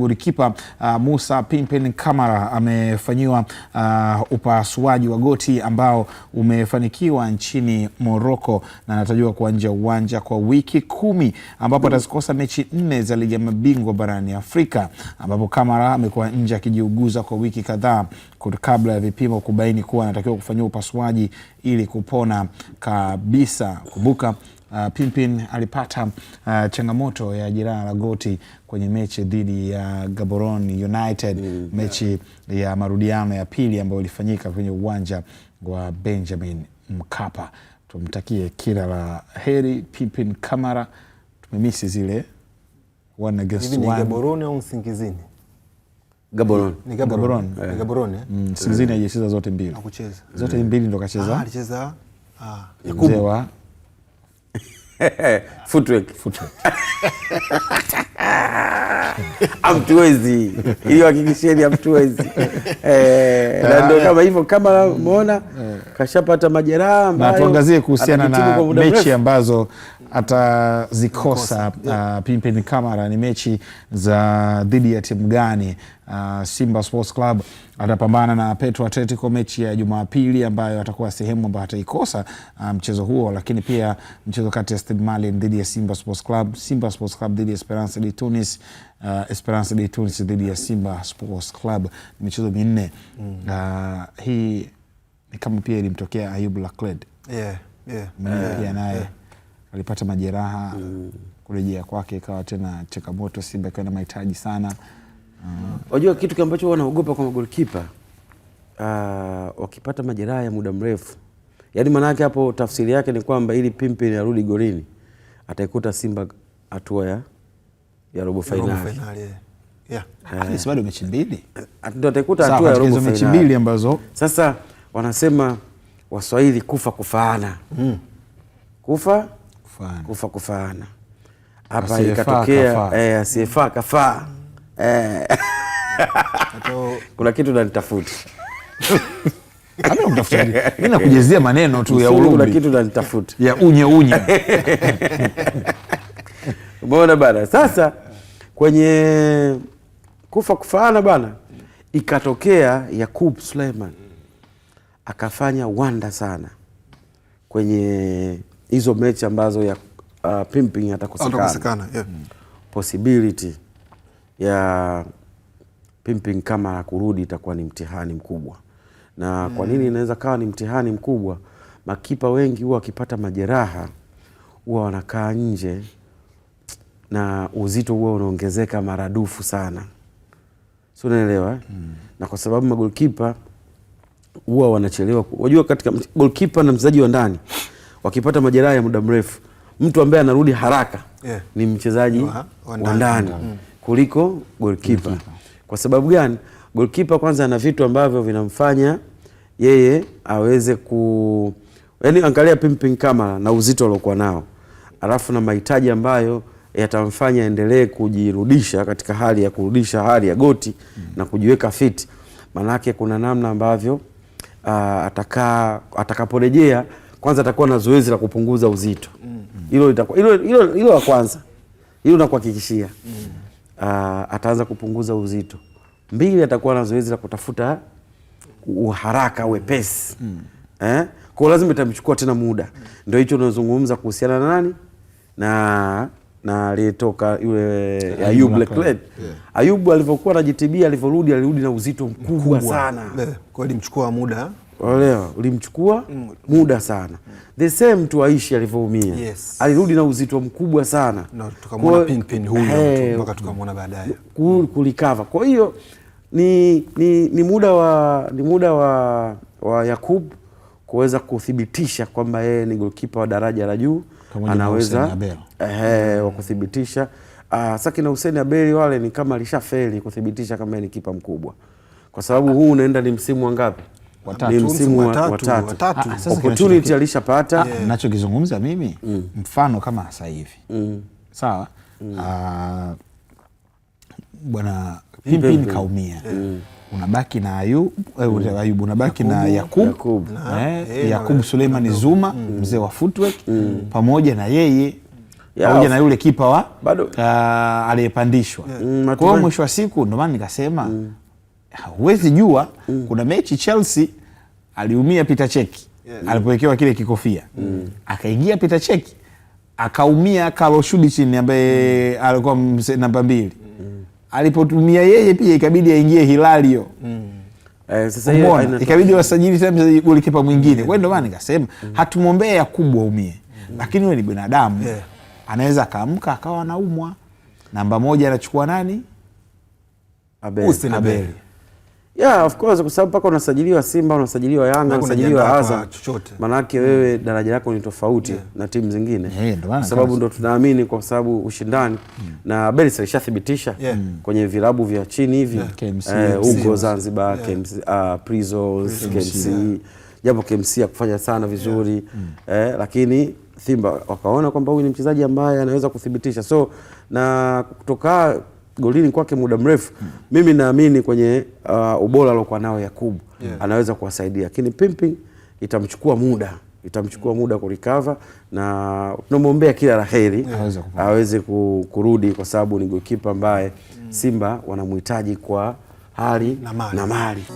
Golikipa uh, Musa Pimpin Kamara amefanyiwa uh, upasuaji wa goti ambao umefanikiwa nchini Morocco na anatarajiwa kuanja uwanja kwa wiki kumi ambapo atazikosa mechi nne za ligi ya mabingwa barani Afrika, ambapo Kamara amekuwa nje akijiuguza kwa wiki kadhaa kabla ya vipimo kubaini kuwa anatakiwa kufanyiwa upasuaji ili kupona kabisa. Kumbuka uh, Pimpin alipata uh, changamoto ya jeraha la goti kwenye mechi dhidi ya Gaborone United mm, mechi yeah, ya marudiano ya pili ambayo ilifanyika kwenye uwanja wa Benjamin Mkapa. Tumtakie kila la heri Pimpin Kamara. Tumemisi zile one against one. Ni Gaborone au Singizini? Gaborone. Ni Gaborone. Ni Gaborone. Eh? Msingizini mm, eh. hajacheza zote mbili. Zote mbili ndo kacheza. Ah, alicheza. Ah, Yakubu. footwork footwork amtuwezi hiyo hakikisheni amtuwezi eh, na ah. ndio kama hivyo, kama mona eh. kashapata majeraha, na tuangazie kuhusiana na mechi ambazo atazikosa yeah. Uh, Pimpin Kamara ni mechi za dhidi ya timu gani? Uh, Simba Sports Club atapambana na Petro Atletico mechi ya Jumapili ambayo atakuwa sehemu ambayo ataikosa uh, mchezo huo, lakini pia mchezo kati ya Stade Malien dhidi ya Simba Sports Club, Simba Sports Club dhidi ya Esperance de Tunis, uh, Esperance de Tunis dhidi ya Simba Sports Club ni michezo minne mm. Uh, hii ni kama pia ilimtokea Ayub Lacled yeah, yeah, uh, yeah, naye yeah alipata majeraha mm. kurejea kwake ikawa tena changamoto, Simba ikawa na mahitaji sana mm. Wajua uh, kitu ambacho wanaogopa kwa magolkipa uh, wakipata majeraha ya muda mrefu, yaani maanake hapo tafsiri yake ni kwamba ili pimpi arudi golini ataikuta Simba hatua ya, ya robo fainali eh. bado mechi mbili ah, ataikuta hatua ya robo ambazo sasa wanasema Waswahili kufa kufaana mm. kufa kufa kufaana. Hapa ikatokea eh, asiyefaa kafaa eh. eh. kuna kitu nanitafuta mi nakujezia maneno tu ya ulumbi. Kuna kitu nanitafuta ya unye unye umeona bana. Sasa kwenye kufa kufaana bana, ikatokea Yakub Suleiman akafanya wanda sana kwenye hizo mechi ambazo ya uh, pimping atakosekana yeah. Hmm. Possibility ya pimping kama ya kurudi itakuwa ni mtihani mkubwa. Na kwa hmm. nini inaweza kawa ni mtihani mkubwa? Makipa wengi huwa wakipata majeraha huwa wanakaa nje na uzito huwa unaongezeka maradufu sana, si unaelewa hmm. na kwa sababu magolkipa huwa wanachelewa, wajua katika golkipa na mchezaji wa ndani wakipata majeraha ya muda mrefu, mtu ambaye anarudi haraka yeah. ni mchezaji wa ndani mm. kuliko golkipa. mm -hmm. Kwa sababu gani? Golkipa kwanza ana vitu ambavyo vinamfanya yeye aweze ku yani, angalia pimping kamera na uzito aliokuwa nao, alafu na mahitaji ambayo yatamfanya endelee kujirudisha katika hali ya kurudisha hali ya goti mm. na kujiweka fit manake kuna namna ambavyo uh, ah, atakaa atakaporejea kwanza atakuwa na zoezi la kupunguza uzito hilo mm. hilo la kwanza hilo nakuhakikishia mm. uh, ataanza kupunguza uzito. Mbili, atakuwa na zoezi la kutafuta uharaka wepesi mm. eh? Kwa lazima itamchukua tena muda mm. Ndio hicho unazungumza kuhusiana na nani na na aliyetoka yule Ayubu Leklet. Ayub alivyokuwa anajitibia, alivyorudi, alirudi na uzito mkubwa, mkubwa sana. Eh, kwa hiyo ilimchukua muda Unaelewa? Ulimchukua muda sana mm. the same tu Aishi alivyoumia yes. Alirudi na uzito mkubwa sana tukamwona huyo mpaka tukamwona baadaye kulikava. Kwa hiyo ni, ni, ni muda wa, ni muda wa, wa Yakub kuweza kuthibitisha kwamba yeye ni golkipa wa daraja la juu anaweza eh, wa kuthibitisha Uh, Saki na Hussein Abeli wale ni kama alishafeli kuthibitisha kama ni kipa mkubwa, kwa sababu huu unaenda ni msimu wangapi? msimu wa tatu, ah, ah, opportunity alishapata. Ah, Nachokizungumza mimi mm. mfano kama sasa hivi mm. sawa mm. uh, bwana Pimpin kaumia mm. unabaki na Ayub, eh, mm. unabaki Yakubu, na Yakub yakubu eh, Suleimani Zuma mm. mzee wa footwork mm. pamoja na yeye pamoja na yule kipa wa uh, aliyepandishwa. Mm, Kwa hiyo mwisho wa siku ndio maana nikasema mm huwezi jua mm. kuna mechi Chelsea aliumia Peter Cech yeah. alipowekewa kile kikofia mm. akaingia Peter Cech akaumia Carlos Judicin ambaye mm. alikuwa namba mbili mm. alipotumia yeye pia ikabidi aingie Hilario mm. Eh, sasa hiyo ikabidi wasajili tena mchezaji golikipa mwingine. Mm. Kwa ndio maana nikasema mm. hatumwombee umie mm. lakini wewe ni binadamu yeah. anaweza akaamka akawa anaumwa. Namba moja anachukua nani? Abel. Abel. Yeah, of course kwa sababu mpaka unasajiliwa Simba, unasajiliwa Yanga, unasajiliwa Azam, maanake mm. wewe daraja lako ni tofauti yeah, na timu zingine yeah, sababu ndo tunaamini kwa sababu ushindani mm. na Belis alishathibitisha yeah, mm. kwenye vilabu vya chini hivi eh, huko eh, Zanzibar ah, Prisons, KMC japo KMC akufanya sana vizuri yeah, eh, lakini Simba wakaona kwamba huyu ni mchezaji ambaye anaweza kuthibitisha so na kutoka golini kwake muda mrefu mm. Mimi naamini kwenye uh, ubora aliokuwa nao Yakubu yeah. Anaweza kuwasaidia, lakini pimping itamchukua muda itamchukua hmm. muda kurikava na tunamwombea kila la heri yeah. Aweze kurudi kwa sababu ni gokipa ambaye hmm. Simba wanamhitaji kwa hali na mali, na mali.